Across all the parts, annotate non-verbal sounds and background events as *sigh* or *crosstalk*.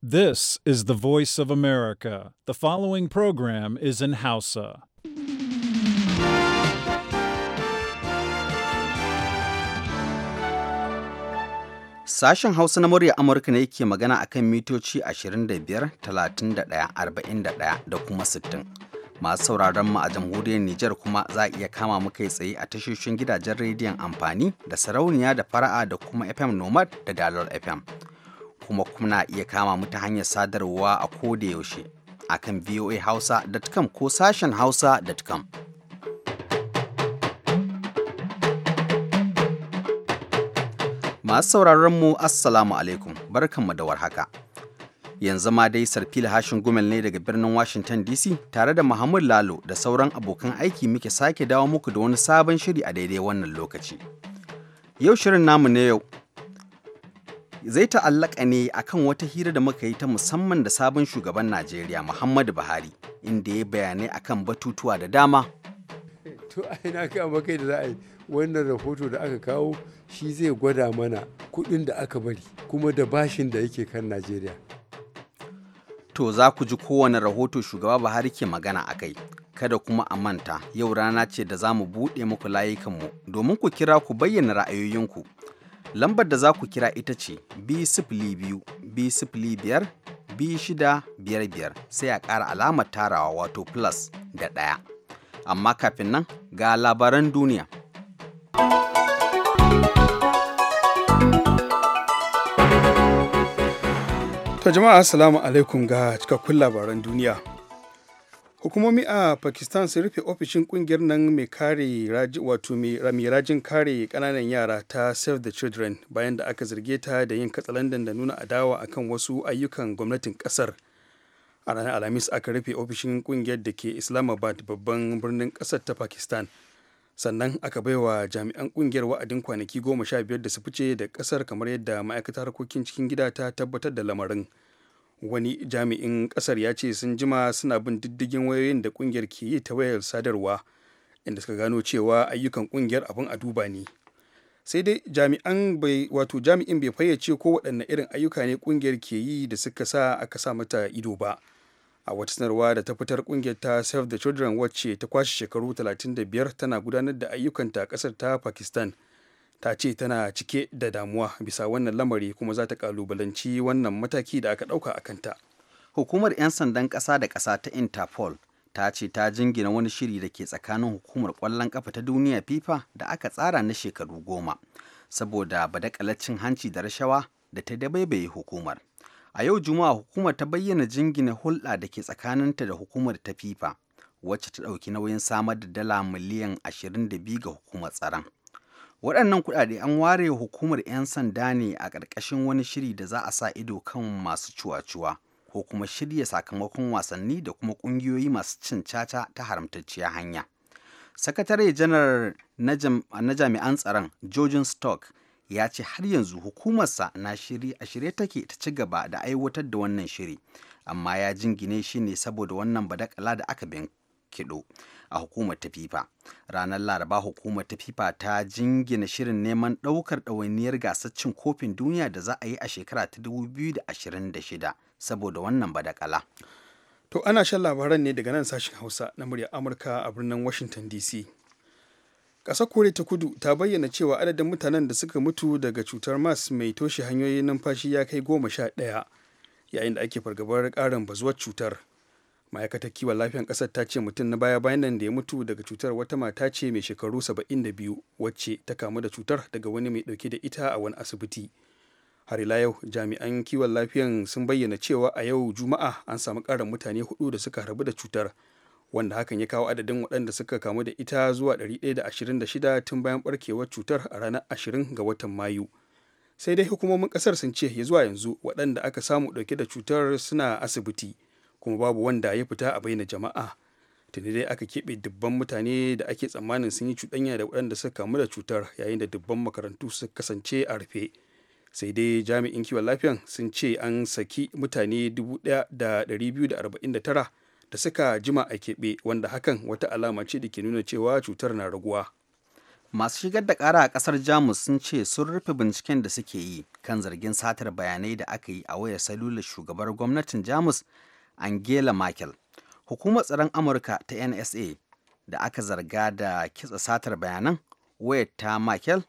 This is the voice of America. The following program is in Hausa. Sashen Hausa na murya Amurka ne yake magana akan mitoci 25, 31, 41 da kuma 60. Masu sauraron mu a jamhuriyar Nijar kuma za a iya kama mu kai tsaye a tashoshin gidajen rediyon amfani da sarauniya da fara'a da kuma FM Nomad da dalar FM. kuma kuna iya kama mu ta hanyar sadarwa a koda yaushe akan voahausa.com ko sashen hausa.com. Masu sauraron mu Assalamu alaikum, barkanmu da warhaka. Yanzu ma dai sarfil hashin gumel ne daga birnin Washington DC tare da Muhammad Lalo da sauran abokan aiki muke sake dawo muku da wani sabon shiri a daidai wannan lokaci. Yau shirin namu ne yau zai ta'allaka ne akan wata hira da muka yi ta musamman da sabon shugaban Najeriya Muhammadu Buhari inda ya bayanai akan batutuwa da dama. To na kawo maka da za a yi wannan rahoto da aka kawo shi zai gwada mana kuɗin da aka bari kuma da bashin da yake kan Najeriya. To za ku ji kowane rahoto shugaba Buhari ke magana a kai. Kada kuma a manta yau rana ce da za mu buɗe muku layukanmu domin ku kira ku bayyana ra'ayoyinku. Lambar da za ku kira ita ce b biyu b biyar b biyar-biyar sai a ƙara alamar tarawa wato plus da ɗaya. Amma kafin nan ga labaran duniya. To jama'a assalamu alaikum ga cikakkun labaran duniya. hukumomi a pakistan sun rufe ofishin kungiyar nan mai kare wato mai rajin kare kananan yara ta save the children bayan da aka zarge ta da yin katsalandan da nuna adawa akan wasu ayyukan gwamnatin kasar a ranar alhamis aka rufe ofishin kungiyar da ke islamabad babban birnin kasar ta pakistan sannan aka baiwa jami'an kungiyar wa'adin kwanaki goma sha biyar da su fice da kasar kamar yadda ma'aikatar harkokin cikin gida ta tabbatar da lamarin wani jami'in kasar ya ce sun jima suna bin diddigin wayoyin da kungiyar ke yi ta wayar sadarwa inda suka gano cewa ayyukan kungiyar abin a duba ne sai dai jami'an bai wato jami'in bai fayyace ko waɗanne irin ayyuka ne kungiyar ke yi da suka sa aka sa mata ido ba a wata sanarwa da ta fitar kungiyar ta save the children wacce ta kwashe shekaru 35 tana gudanar da ayyukanta a kasar ta pakistan ta ce tana cike da damuwa bisa wannan lamari kuma za ta kalubalanci wannan mataki da aka ɗauka a kanta. Hukumar 'yan sandan ƙasa da ƙasa ta Interpol ta ce ta jingina wani shiri da ke tsakanin hukumar ƙwallon ƙafa ta duniya FIFA da aka tsara na shekaru goma saboda badakalacin hanci da rashawa da ta dabaibaye hukumar. A yau Juma'a hukumar ta bayyana jingina hulɗa da ke tsakanin ta da hukumar ta FIFA wacce ta ɗauki nauyin samar da dala miliyan 22 ga hukumar tsaron. waɗannan kuɗaɗe an ware hukumar 'yan sanda ne a ƙarƙashin wani shiri da za a sa ido kan masu cuwa-cuwa ko kuma shirya sakamakon wasanni da kuma ƙungiyoyi masu cin caca ta haramtacciya hanya sakatare janar na jami'an tsaron jojin stock ya ce har yanzu hukumarsa na shiri a shirye take ta ci gaba da aiwatar da wannan shiri amma ya jingine shi ne saboda wannan badakala da aka binkiɗo a hukumar ta fifa ranar laraba hukumar ta fifa ta jingina shirin neman ɗaukar ɗawainiyar gasar cin kofin duniya da za a yi a shekara ta 2026 saboda wannan badakala to ana shan labaran ne daga nan sashen hausa na murya amurka a birnin washington dc ƙasar kore ta kudu ta bayyana cewa adadin mutanen da suka mutu daga cutar mas mai toshe hanyoyin numfashi ya kai goma sha ɗaya yayin da ake fargabar ƙarin bazuwar cutar ma'aikatar kiwon lafiyar ƙasar ta ce mutum na baya bayan nan da ya mutu daga cutar wata mata ce mai shekaru 72 wacce ta kamu da cutar daga wani mai ɗauke da ita a wani asibiti har ila yau jami'an kiwon lafiyan sun bayyana cewa a yau juma'a an samu ƙarin mutane hudu da suka rabu da cutar wanda hakan ya kawo adadin waɗanda suka kamu da ita zuwa 126 tun bayan barkewar cutar a ranar 20 ga watan mayu sai dai hukumomin ƙasar sun ce ya zuwa yanzu waɗanda aka samu ɗauke da cutar suna asibiti kuma babu wanda ya fita a bayyana jama'a tuni dai aka keɓe dubban mutane da ake tsammanin sun yi cuɗanya da waɗanda suka kamu da cutar yayin da dubban makarantu suka kasance a rufe sai dai jami'in kiwon lafiyan sun ce an saki mutane 1,249 da da da arba'in tara suka jima a keɓe wanda hakan wata alama ce da ke nuna cewa cutar na raguwa masu shigar da kara a ƙasar jamus sun ce sun rufe binciken da suke yi kan zargin satar bayanai da aka yi a wayar salular shugabar gwamnatin jamus angela merkel hukumar tsaron amurka ta nsa da aka zarga da kitsa satar bayanan waya ta merkel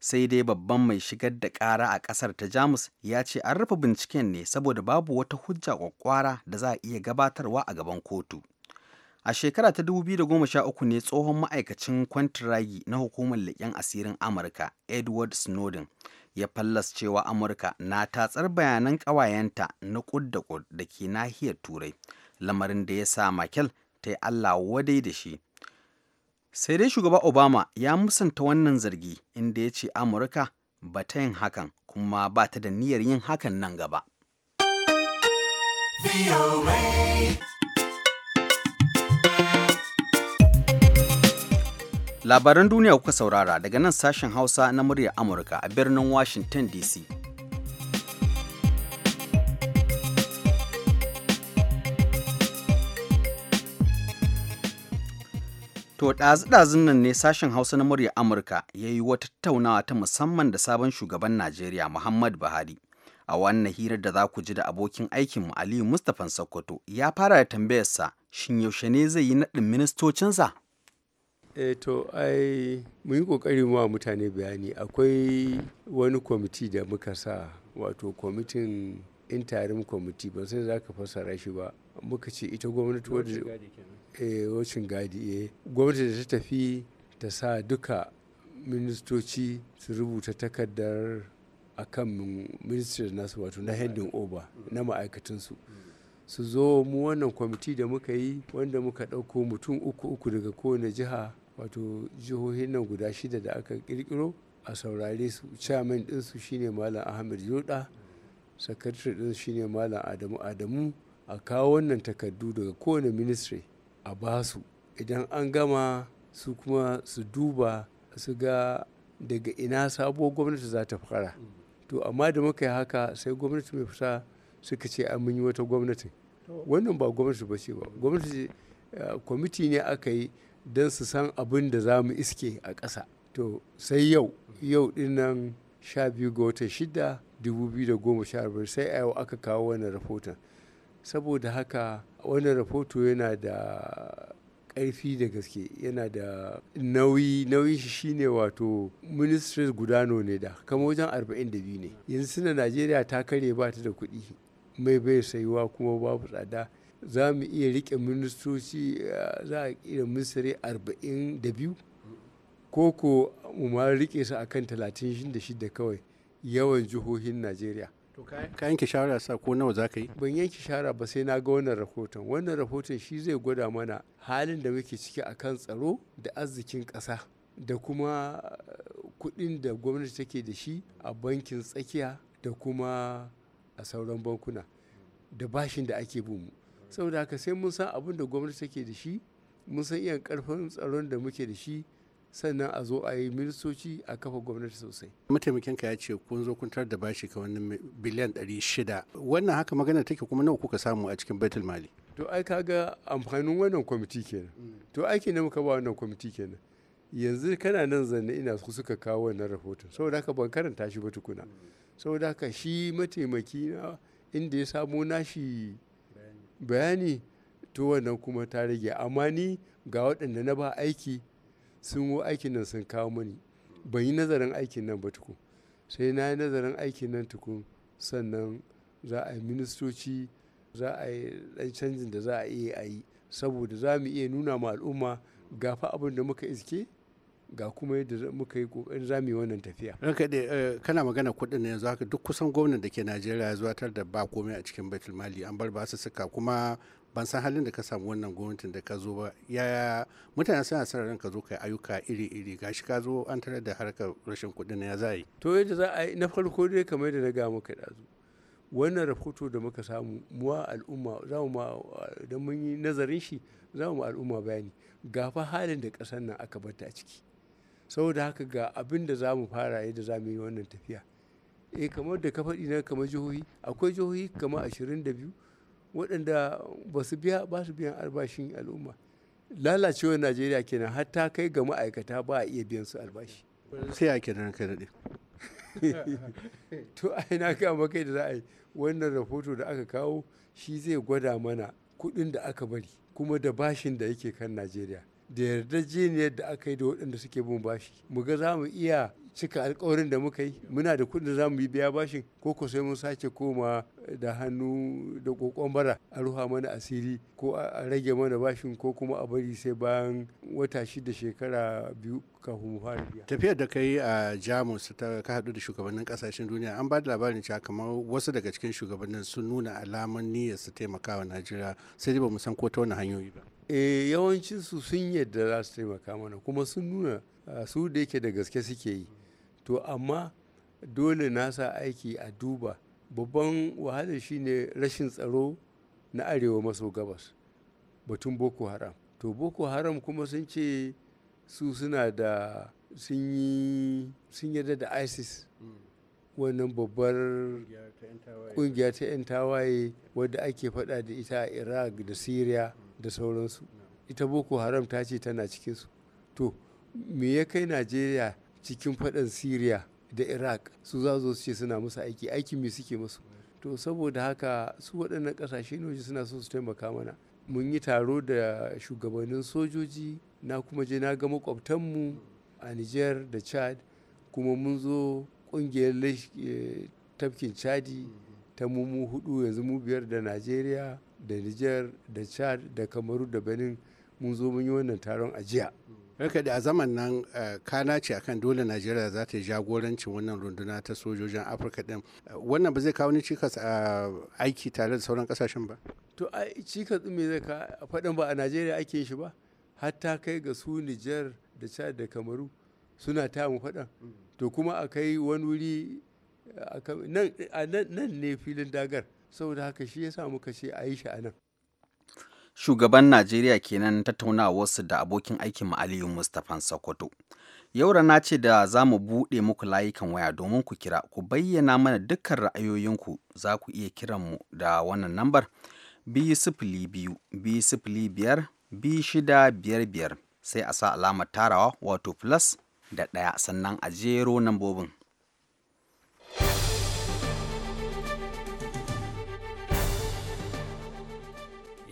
sai dai babban mai shigar da ƙara a ƙasar ta jamus ya ce an rufe binciken ne saboda babu wata hujja kwakwara da za a iya gabatarwa a gaban kotu a shekara ta 2013 ne tsohon ma'aikacin kwantiragi na hukumar leƙen asirin amurka edward snowden ya fallas cewa amurka na tatsar bayanan ƙawayenta na kud da da ke nahiyar turai lamarin da ya sa makel ta yi allah wadai da shi sai dai shugaba obama ya musanta wannan zargi inda ya ce amurka ba ta yin hakan kuma ba ta da niyyar yin hakan nan gaba. Labaran duniya kuka saurara daga nan sashen Hausa na muryar Amurka a birnin Washington DC. To ɗazu-ɗazun nan ne sashen Hausa na muryar Amurka ya yi wata tattaunawa ta musamman da sabon shugaban Najeriya Muhammad Buhari. A wannan hirar da za ku ji da abokin aikinmu Aliyu Mustapha Sokoto ya fara da tambayarsa shin yaushe ne zai yi naɗin ministocinsa? Eh to ai mun yi ƙoƙari mu wa mutane bayani akwai wani kwamiti da muka sa wato kwamitin interim kwamiti ba sai za ka fassara shi ba muka ce ita gwamnati wadda eh wacin gadi eh gwamnati da ta tafi ta sa duka ministoci su rubuta takardar akan ministry nasu wato na handing over na ma'aikatansu su zo mu wannan kwamiti da muka yi wanda muka ɗauko mutum uku uku daga kowane jiha wato jihohin nan guda shida da aka kirkiro a saurare su chairman ɗinsu shine malam ahmed yoda sakatare ɗin shine malam adamu adamu a kawo wannan takardu daga kowane ministry a basu idan an gama su kuma su duba su ga daga ina sabuwar gwamnati za ta fara to amma da muka yi haka sai gwamnati mai fita suka ce an yi wata gwamnati wannan ba gwamnati ba ce ba gwamnati eh, kwamiti ne aka yi don su san abin da za mu iske a ƙasa to sai yau yau dinnan sha biyu ga watan shida dubu biyu da goma sha biyar sai a yau aka kawo wannan rahoton saboda haka wannan rahoto yana da ƙarfi da gaske yana da nauyi nauyi shi shine wato ministries gudano ne da kama wajen 42 ne yanzu suna najeriya ta kare ba ta da kuɗi mai bai sayuwa kuma babu tsada za mu iya rike ministoci eh, za a iya misiri 42 ko ko mu ma rike su akan 36 kawai yawan jihohin najeriya ka yanke sa ko nawa za ka yi ban yanke shara ba sai na ga wannan rahoton wannan rahoton shi zai gwada mana halin da muke ciki akan tsaro da arzikin ƙasa da kuma eh, kuɗin da gwamnati take da shi a bankin tsakiya da kuma a sauran bankuna da bashin da ake bin saboda haka sai mun san abin da gwamnati take da shi mun san iyan karfin tsaron da muke da shi sannan a zo a yi ministoci a kafa gwamnati sosai. mataimakinka ya ce kun zo kun tar da bashi ka wani biliyan 600 wannan haka magana take kuma nawa kuka samu a cikin baitul mali to ai kaga amfanin wannan kwamiti kenan to aiki ne muka ba wannan kwamiti kenan yanzu kana nan zanne ina su suka kawo wannan rahoton saboda haka ban karanta shi ba tukuna saboda haka shi mataimaki na inda ya samo nashi bayani to wannan kuma ta rage amma ni ga waɗanda na ba aiki sun wo aikin nan sun kawo mani ban yi nazarin aikin nan ba tukun sai na yi nazarin aikin nan tukun sannan za a yi ministoci za a yi ɗan canjin da za a iya yi saboda za mu iya nuna ma al'umma gafa abin da muka iske ga kuma yadda muka yi kokarin zamu yi wannan tafiya ranka da eh, kana magana kuɗin ne yanzu haka duk kusan gwamnan da ke Najeriya ya zuwatar da ba komai a cikin baitul mali an bar ba su suka kuma ban san halin da ka samu wannan gwamnatin da ka zo ba ya mutane suna son ran ka zo kai ayyuka iri-iri gashi ka zo an tarar da harkar rashin kuɗin ya za yi to yadda za a yi na farko dai kamar da na ga maka ɗazu wannan rahoto da muka samu muwa al'umma za mu idan mun yi nazarin shi za mu al'umma bayani fa halin da ƙasar nan aka bata a ciki saboda haka ga abin da za mu fara yadda za mu yi wannan tafiya E kamar da ka faɗi na kamar jihohi akwai jihohi kamar ashirin da biyu waɗanda ba su biya ba su biyan albashin al'umma lalacewar najeriya kenan har ta kai ga ma'aikata ba a iya biyan su albashi sai a kenan ka daɗe *laughs* to ai na kama kai da za a yi wannan rahoto da aka kawo shi zai gwada mana kuɗin da aka bari kuma da bashin da yake kan najeriya da yardajeniyar da aka yi da waɗanda suke bin bashi mu ga za mu iya cika alkawarin da muka yi muna da kuɗi da za mu yi biya bashin ko ko sai mun sake koma da hannu da kokon bara a ruha mana asiri ko a rage mana bashin ko kuma a bari sai bayan wata shida shekara biyu kafin mu fara biya tafiyar da kai a jamus ta ka hadu da shugabannin kasashen duniya an ba da labarin cewa kamar wasu daga cikin shugabannin sun nuna alamun niyyar su taimakawa najeriya sai dai ba mu san ko ta wani hanyoyi ba e yawancinsu sun yadda za su taimaka mana kuma sun nuna su da yake da gaske suke yi to amma dole nasa aiki a duba babban wahalar shine rashin tsaro na arewa maso gabas batun boko haram to boko haram kuma sun ce su suna da sun yarda da isis hmm. wannan babbar kungiya ta 'yan tawaye wadda ake fada da ita a iraq da syria da sauransu ita boko haram ta ce tana cikinsu to me ya kai najeriya cikin faɗan syria da iraq su za su ce suna musu aiki aiki me suke musu to saboda haka su waɗannan ƙasashe waje suna so su taimaka mana mun yi taro da shugabannin sojoji na kuma je na ga makwabtanmu a niger da chad kuma mun zo ƙungiyar eh, tafkin chadi ta mu hudu yanzu mu biyar da najeriya da niger da chad da kamaru da benin mun zo mun yi wannan taron a jiya Raka da a zaman nan eh, kana ce akan dole Najeriya za ta yi jagorancin wannan runduna ta sojojin Afirka din. Wannan ba zai kawo ni cikas a aiki tare da sauran kasashen ba? To a cikas din me zai ka faɗin ba a Najeriya ake shi ba? Hatta kai ga su Nijar da Chad da Kamaru suna ta mu faɗan. Mm. To kuma a kai wani wuri nan ne filin dagar. saboda haka shi yasa muka ce a yi shi a nan shugaban najeriya kenan tattaunawarsu da abokin aikin aliyu mustapha sokoto yau rana ce da za mu buɗe muku layukan waya domin ku kira ku bayyana mana dukkan ra'ayoyinku za ku iya kiran mu da wannan lambar biyu sifili biyu biyu sifili biyar biyu shida biyar biyar sai a sa alamar tarawa wato plus da ɗaya sannan a jero nambobin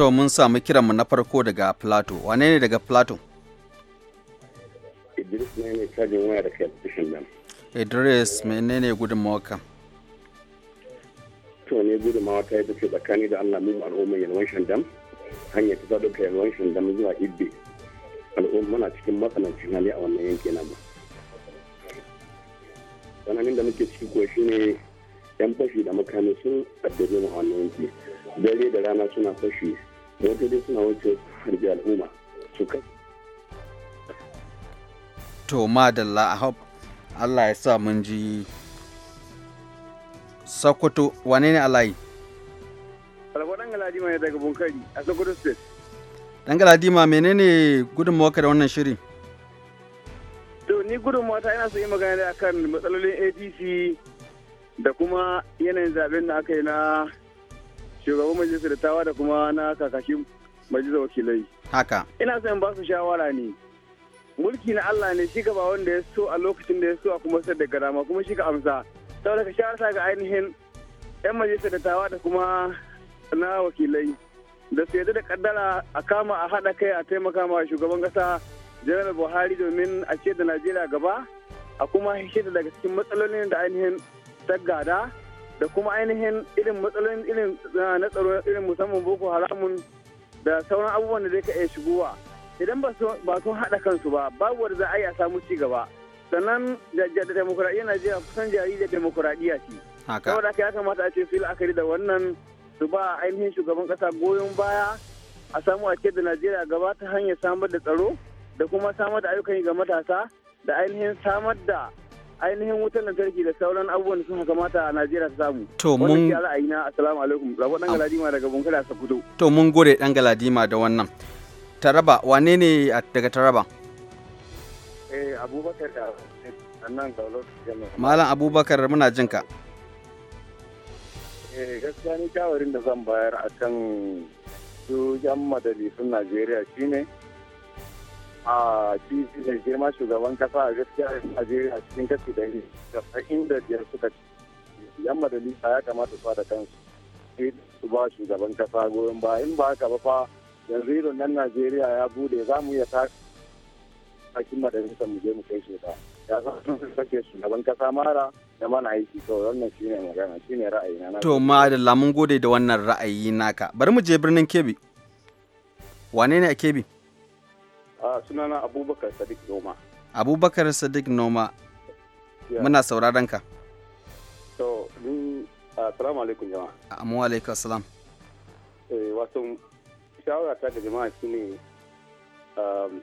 To mun samu kiranmu na farko daga Plato. Wane ne daga Plato? Idris ne ne cajin waya da kai nan. Idris gudun mawaka? To ne gudun mawaka ya fice tsakani da Allah mu al'umma yalwan shandam. Hanyar ta dauka yalwan shandam zuwa Ibbe. Al'umma na cikin matsanancin hali a wannan yanki na mu. Tsananin da muke ciki ko shine yan fashi da makami sun addabi mu a wannan yanki. Dare da rana suna fashi wato dai suna wuce harbi al'umma su kai to madalla a allah ya sa mun ji sokoto wane ne alayi alfaɗan galadima ne daga bunkari a sokoto state dan galadima menene gudunmawarka da wannan shirin to ni gudun mawata ina so yi magana da akan matsalolin adc da kuma yanayin zaben da aka yi na shugaban majalisar dattawa da kuma na kakashin majalisar wakilai haka ina son ba su shawara ne mulki na Allah ne shi gaba wanda ya so a lokacin da ya so a kuma sai da garama kuma shi ka amsa saboda ka shawarta ga ainihin yan majalisar dattawa da kuma na wakilai da su yadda da kaddara a kama a haɗa kai a taimaka ma shugaban kasa janar buhari domin a ce da najeriya gaba a kuma hishe daga cikin matsalolin da ainihin tagada da kuma ainihin irin matsalolin irin ah, na tsaro irin musamman boko haramun da sauran abubuwan da zai ka iya shigowa idan ba sun haɗa kansu ba babu wanda za a yi a samu ci gaba sannan da na najeriya kusan jari da demokuraɗiyya ce saboda haka ya kamata a ce su yi da wannan su ba ainihin shugaban kasa goyon baya a samu a da najeriya gaba ta hanyar samar da tsaro da kuma samar da ayyukan yi ga matasa da ainihin samar da ainihin wutar lantarki da sauran abubuwan da suka kamata a Najeriya su samu. To mun wannan ya yi na assalamu alaikum rabo dan galadima daga Bunkara Sokoto. To mun gode dan galadima da wannan. Taraba wane ne daga Taraba? Eh Abubakar da annan Jami'a. Malam Abubakar muna jin ka. Eh gaskiya ni kawarin da zan bayar akan su da majalisun Najeriya shine a cikin da girma shugaban kasa a gaskiya a a cikin kashi da casa'in da biyar suka yan majalisa ya kamata su da kansu su ba shugaban kasa goyon ba in ba haka ba fa yanzu irin nan Najeriya ya bude za mu iya ta cikin majalisa mu je mu kai shi ba ya san sun sake shugaban kasa mara da mana aiki to wannan shine magana shine ra'ayi na to ma da lamun gode da wannan ra'ayi naka bari mu je birnin kebi wane ne a kebi. sunana Abubakar Sadiq Noma. Abubakar Sadiq Noma. Muna sauraron ka. To, so, ni assalamu alaikum jama'a. Amma alaikum assalam. Eh, wato shawara ta ga jama'a shine um,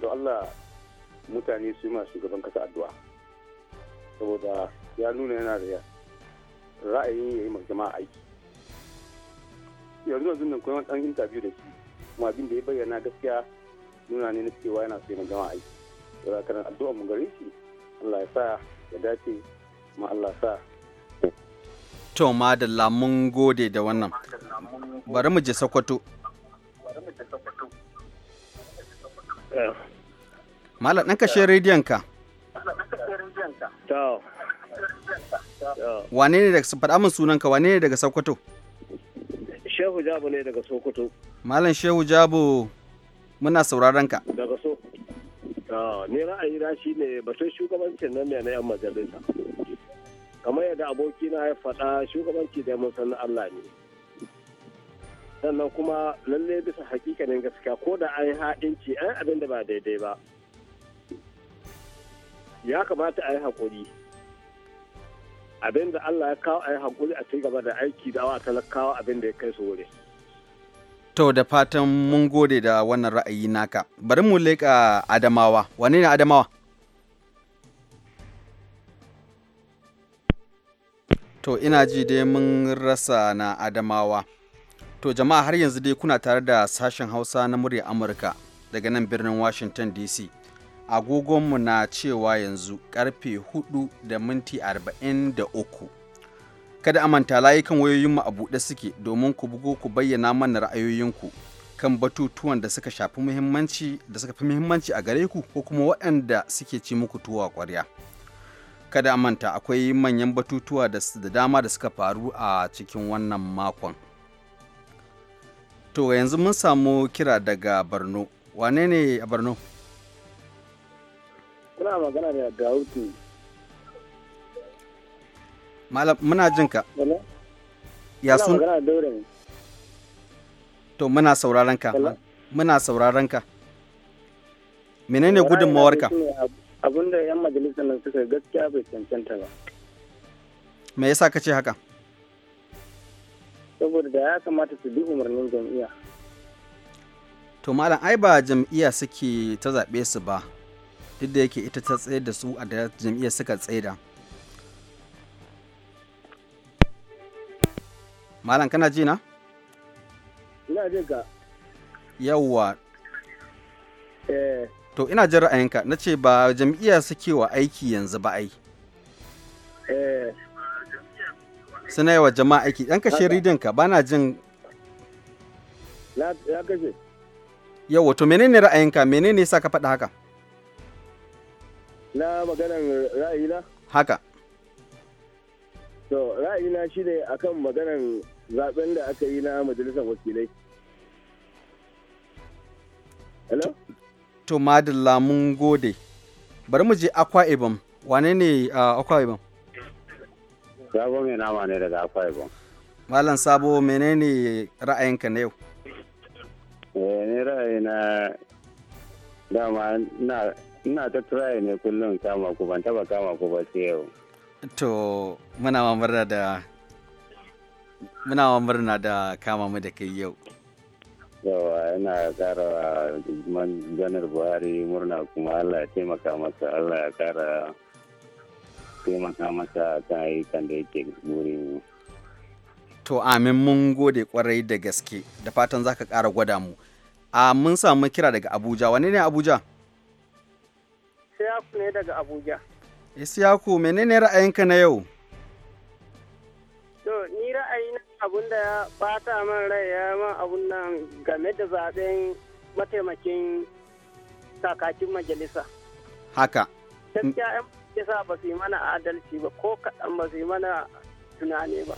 don Allah mutane su ma shugaban kasa addu'a. Saboda ya nuna yana da ra'ayin ya yi ma jama'a aiki. Yanzu yanzu nan kuma ɗan interview da shi, kuma abin da ya bayyana gaskiya nuna ne na cewa yana so yana jama'a aiki saboda kana addu'a mu gare shi Allah ya sa ya dace kuma Allah sa to madalla mun gode da wannan bari mu je Sokoto Malam ɗan kashe rediyon ka. Wane ne daga faɗa min sunan ka wane ne daga Sokoto? Shehu Jabo ne daga Sokoto. Malam Shehu Jabo muna sauraron ka daga so ni ra'ayi na ne batun shugabancin nan ne na yan majalisa kamar yadda abokina ya faɗa shugabanci da mun san Allah ne sannan kuma lalle bisa hakikanin gaskiya ko da an haɗinci an abin da ba daidai ba ya kamata a yi haƙuri abin da Allah ya kawo a yi haƙuri a ci gaba da aiki da awa talakawa abin da ya kai su wuri. To da fatan mun gode da wannan ra'ayi naka. Bari mu leƙa Adamawa. Wane ne Adamawa? To ina ji dai mun rasa na Adamawa. To jama'a har yanzu dai kuna tare da sashen Hausa na murya Amurka daga nan birnin Washington DC. Agogonmu na cewa yanzu karfe 4 da minti 43. kada a manta layukan wayoyinmu a buɗe suke domin ku bugo ku bayyana mana ra'ayoyinku kan batutuwan da suka shafi muhimmanci da suka fi muhimmanci a gare ku ko kuma waɗanda suke ci muku tuwa ƙwarya kada a manta akwai manyan batutuwa da dama da suka faru a cikin wannan makon to yanzu mun samu kira daga barno wane ne a barno. kuna magana da Malam muna jin ka. Ya sun. To muna sauraron ka. Muna sauraron ka. Menene gudunmawarka? ka? da 'yan majalisar nan suka gaskiya bai cancanta ba. Me yasa ka ce haka? Saboda da ya kamata su bi umarnin jam'iyya. To malam ai ba jam'iyya suke ta zaɓe su ba, duk da yake ita ta tsaye da su a da jam'iyya suka tsaye da. malam kana ji na ina jin ka yawwa eh to ina jin ra'ayinka na ce ba su suke wa aiki yanzu ba ai eh. suna yi wa jama'a aiki ɗan kashe ridin ka na jin ya kashe yawwa to menene ra'ayinka menene sa ka faɗi haka na maganar na haka To ra'ayina shi ne akan maganan zaben da aka yi na majalisar wakilai. Hello? To madalla mun gode. Bari mu je Akwa Ibom. Wane ne Akwa Ibom? Sabo mai nama ne daga Akwa Ibom. Malam Sabo menene ra'ayinka na yau? Eh ra'ayina dama ina ina ta ne kullum kama ku ban taba kama ku ba sai yau. To muna wa murna da kama mu da kai yau. Yawa yana kara wa janar Buhari murna kuma Allah ya taimaka masa Allah ya kara taimaka masa kan ayyukan da yake buri. To amin mun gode kwarai da gaske da fatan za ka ƙara gwada mu. A mun samu kira daga Abuja, wane ne Abuja? Sai ne daga Abuja. Isiyaku menene ra'ayinka na yau? To, ni ra'ayi abun da ya bata man rai ya ma abun nan game da zaben mataimakin kakakin majalisa. Haka. Gaskiya 'yan majalisa ba su yi mana adalci ba ko kaɗan ba su yi mana tunani ba.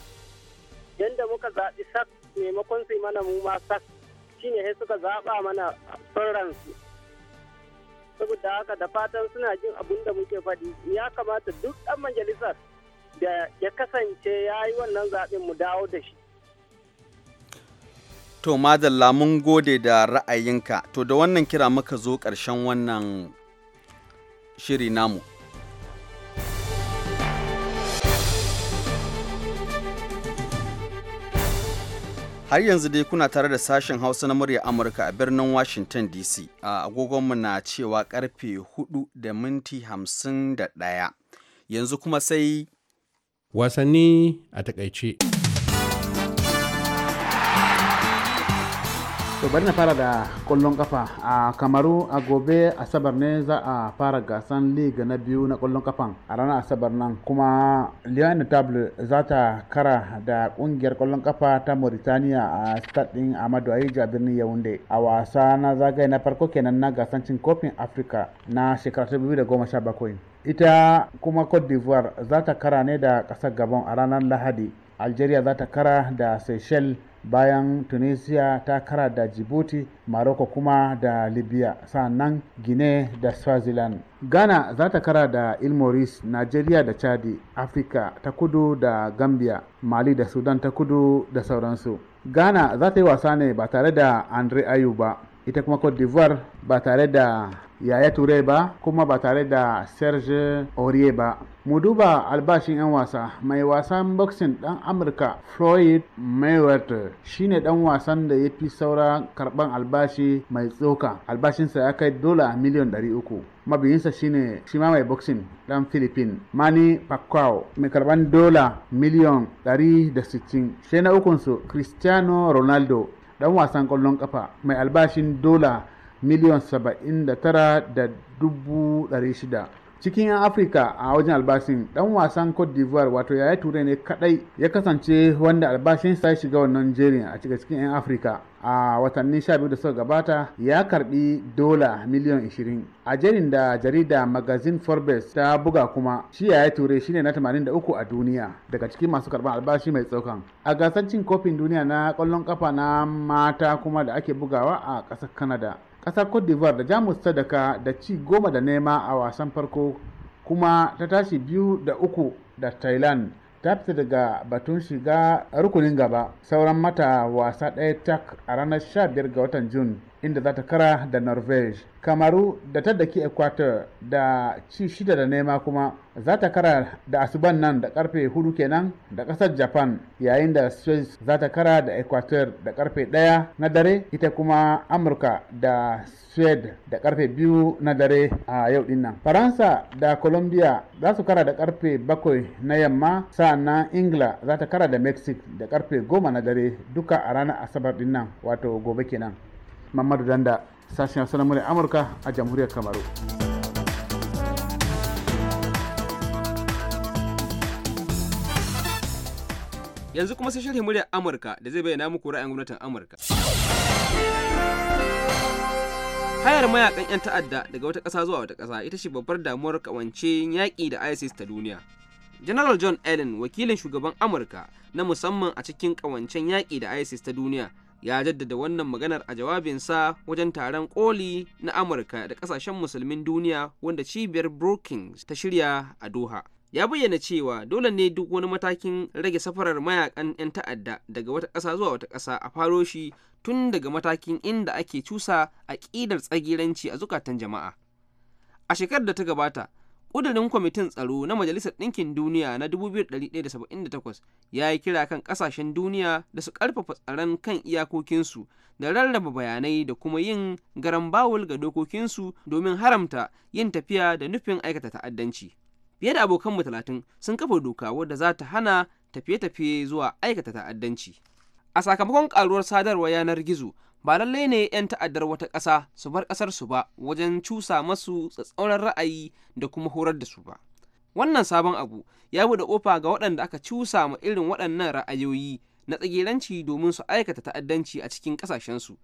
Yanda muka zaɓi sak maimakon su yi mana mu ma sak shine sai suka zaɓa mana son ransu. saboda haka da fatan suna jin abun da muke faɗi ya kamata duk ɗan majalisar da ya kasance ya yi wannan zaɓen mu dawo da shi to madalla mun gode da ra'ayinka to da wannan kira muka zo ƙarshen wannan shiri namu har yanzu dai kuna tare da sashen hausa na murya amurka a birnin washington dc a agogonmu na cewa karfe 4 da minti 51 yanzu kuma sai wasanni a takaice. to bari na fara da kwallon kafa a kamaru a gobe asabar ne za a fara gasan liga na biyu na kwallon kafan a ranar asabar nan kuma leon table za ta kara da kungiyar kwallon kafa ta mauritania a stadin amadu aija birnin yaounde a wasa na zagaye na farko kenan na gasan cin kofin afirka na shekarar 2017 ita kuma cote d'ivoire za ta kara ne da kasar gabon a ranar lahadi algeria za ta kara da seychelles bayan tunisia ta kara da djibouti maroko kuma da libya sannan guinea da swaziland ghana za ta kara da ilmoris nigeria da chadi afirka ta kudu da gambia mali da sudan ta kudu da sauransu ghana za ta yi wasa ne ba tare da andre ayuba ita kuma cote d'ivoire ba tare da yaya ture ba kuma ba tare da serge aurier ba mu duba albashin 'yan wasa mai wasan boxing dan amurka floyd mayweather shine dan wasan da ya fi saura karban albashi mai tsoka albashinsa ya kai dola miliyan 300 mabiyinsa shine shi ma mai boxing dan filipin mani pacquiao mai karban dola miliyan 160 sai na ukunsu cristiano ronaldo dan wasan kwallon kafa mai albashin dola miliyan 79,600 cikin 'yan afirka a wajen albashin dan wasan cote d'ivoire wato yaya ture ne kadai ya kasance wanda albashinsa ya shiga wannan jerin a cikin 'yan afirka a watanni 12 da suka gabata ya karbi dola miliyan 20 a jerin da jarida magazine forbes ta buga kuma shi ya ture shine na 83 a duniya daga cikin masu karban albashi mai tsaukan a gasar kofin duniya na kwallon kafa na mata kuma da ake bugawa a kasar canada ƙasar cote d'ivoire da jamus ta daka da ci goma da nema a wasan farko kuma ta tashi biyu da uku da thailand ta fita daga batun shiga rukunin gaba sauran mata wasa ɗaya tak a ranar 15 ga watan june inda za ta kara da norvege kamaru da ta daki ecuador da ci shida da nema kuma za ta kara da asuban nan da karfe hudu kenan da kasar japan yayin da swiss za ta kara da ecuador da karfe daya na dare ita kuma amurka da swede da karfe biyu na dare a yau din nan faransa da colombia za su kara da karfe bakwai na yamma sa'annan ingila za ta kara da mexico da karfe goma na dare duka a ranar asabar din nan wato gobe kenan mamadu danda sashen hausa amurka a jamhuriyar kamaru yanzu kuma sai shirin muryar amurka da zai bayyana muku ra'ayin gwamnatin amurka hayar mayakan 'yan ta'adda daga wata ƙasa zuwa wata ƙasa ita ce babbar damuwar kawance yaƙi da isis ta duniya general john allen wakilin shugaban amurka na musamman a cikin ƙawancen yaƙi da isis ta duniya ya jaddada wannan maganar a jawabinsa wajen taron koli na amurka da kasashen musulmin duniya wanda cibiyar brookings ta shirya a doha ya bayyana cewa dole ne duk wani matakin rage safarar mayakan 'yan ta'adda daga wata ƙasa zuwa wata ƙasa a faro shi tun daga matakin inda ake cusa a aƙidar tsagiranci a zukatan jama'a a shekarar da ta gabata ƙudurin kwamitin tsaro na majalisar ɗinkin duniya na 2178 ya yi kira kan ƙasashen duniya da su ƙarfafa tsaron kan iyakokinsu da rarraba bayanai da kuma yin garan bawul ga dokokinsu domin haramta yin tafiya da nufin aikata ta'addanci fiye da abokanmu talatin sun kafa doka wadda za ta hana tafiye-tafiye zuwa aikata ta'addanci a sakamakon ƙaruwar sadarwar yanar gizo ba lallai ne 'yan ta'addar wata ƙasa su bar ƙasarsu ba wajen cusa masu tsatsauran ra'ayi da kuma horar da su ba wannan sabon abu ya buɗe ƙofa ga waɗanda aka cusa ma irin waɗannan ra'ayoyi na tsagiranci domin su aikata ta'addanci a cikin ƙasashensu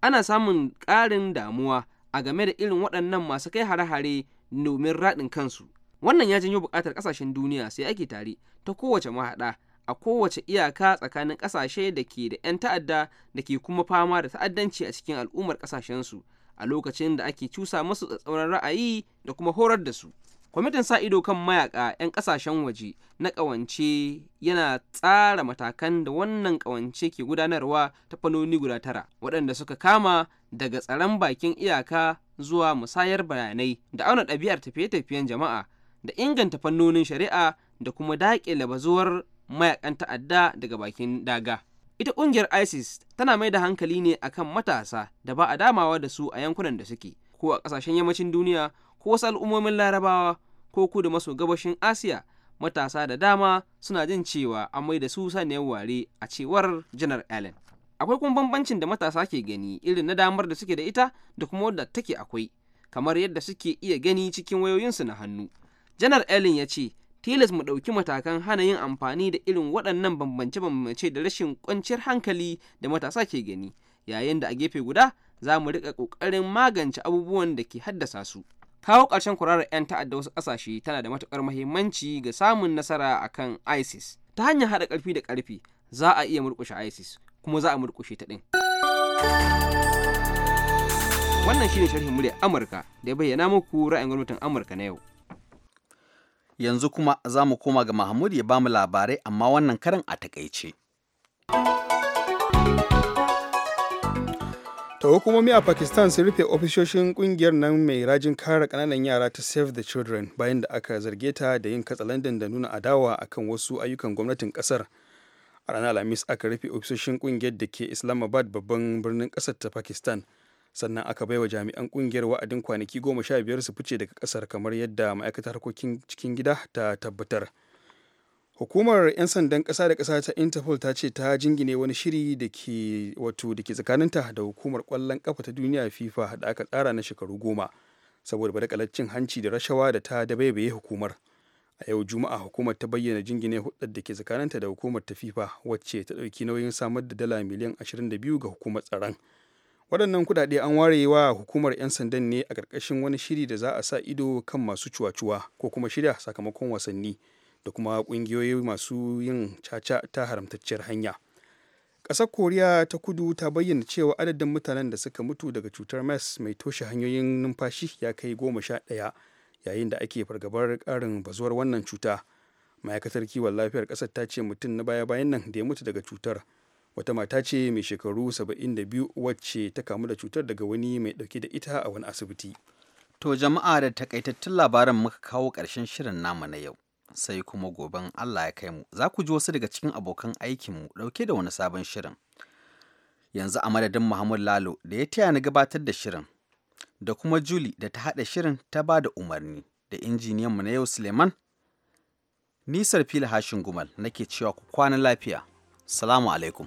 ana samun ƙarin damuwa a game da irin waɗannan masu kai hare-hare domin raɗin kansu wannan ya janyo buƙatar ƙasashen duniya sai ake tare ta kowace mahaɗa a kowace iyaka tsakanin ƙasashe da ke da 'yan ta'adda da ke kuma fama da ta'addanci a cikin al'ummar ƙasashensu a lokacin da ake cusa masu tsatsauran ra'ayi da kuma horar da su. Kwamitin sa ido kan mayaka 'yan ƙasashen waje na ƙawance yana tsara matakan da wannan ƙawance ke gudanarwa ta fannoni guda tara waɗanda suka kama daga tsaron bakin iyaka zuwa musayar bayanai da auna ɗabi'ar tafiye-tafiyen jama'a da inganta fannonin shari'a da kuma daƙile bazuwar mayakan ta'adda daga bakin daga. Ita ƙungiyar ISIS tana mai da hankali ne akan matasa da ba a damawa da su a yankunan da suke, ko a ƙasashen yammacin duniya, ko wasu al'ummomin larabawa, ko kudu maso gabashin Asiya, matasa da dama suna jin cewa an mai da su saniyar ware a cewar Janar Allen. Akwai kuma bambancin da matasa ke gani irin na damar da suke da ita da kuma wadda take akwai, kamar yadda suke iya gani cikin wayoyinsu na hannu. Janar Allen ya ce, tilas mu ɗauki matakan hana yin amfani da irin waɗannan bambance-bambance da rashin kwanciyar hankali da matasa ke gani yayin da a gefe guda za mu riƙa ƙoƙarin magance abubuwan da ke haddasa su kawo ƙarshen kwararar 'yan ta'adda wasu ƙasashe tana da matuƙar muhimmanci ga samun nasara a kan isis ta hanyar haɗa ƙarfi da ƙarfi za a iya murƙushe isis kuma za a murƙushe ta ɗin wannan shine sharhin murya amurka da ya bayyana muku ra'ayin gwamnatin amurka na yau yanzu kuma za mu koma ga Mahmud ya ba mu labarai amma wannan karin a takaice. ta hukumomi a pakistan sun rufe ofisoshin kungiyar nan mai rajin kare kananan yara ta save the children bayan da aka zarge ta da yin katsalandan da nuna adawa akan wasu ayyukan gwamnatin kasar a ranar alhamis aka rufe ofisoshin kungiyar da ke islamabad babban birnin kasar ta pakistan sannan aka baiwa jami'an kungiyar wa'adin kwanaki goma sha biyar su fice daga kasar kamar yadda ma'aikatar harkokin cikin gida ta tabbatar hukumar 'yan sandan kasa da ƙasa ta interpol ta ce ta jingine wani shiri da ke wato da ke tsakaninta da hukumar kwallon kafa ta duniya fifa da aka tsara na shekaru goma saboda badakalaccin hanci da rashawa da ta dabaibaye hukumar a yau juma'a hukumar ta bayyana jingine hudar da ke tsakaninta da hukumar ta fifa wacce ta ɗauki nauyin samar da dala miliyan 22 ga hukumar tsaron waɗannan kuɗaɗe an ware wa hukumar 'yan sandan ne a ƙarƙashin wani shiri da za a sa ido kan masu cuwa-cuwa ko kuma shirya sakamakon wasanni da kuma ƙungiyoyi masu yin caca ta haramtacciyar hanya ƙasar koriya ta kudu ta bayyana cewa adadin mutanen da suka mutu daga cutar mers mai toshe hanyoyin numfashi ya kai goma sha ɗaya yayin da ake fargabar ƙarin bazuwar wannan cuta ma'aikatar kiwon lafiyar ƙasar ta ce mutum na baya-bayan nan da ya mutu daga cutar wata mata ce mai shekaru 72 wacce ta kamu da cutar daga wani mai dauke da ita a wani asibiti to jama'a da takaitattun labaran muka kawo ƙarshen shirin namu na yau sai kuma goben allah ya kai mu za ku ji wasu daga cikin abokan aikinmu ɗauke da wani sabon shirin yanzu a madadin muhammad lalo da ya taya ni gabatar da shirin da kuma Juli da ta haɗa shirin ta ba da umarni da injiniyanmu na yau Suleiman. Nisar fili hashin gumal nake cewa ku kwana lafiya. Salamu alaikum.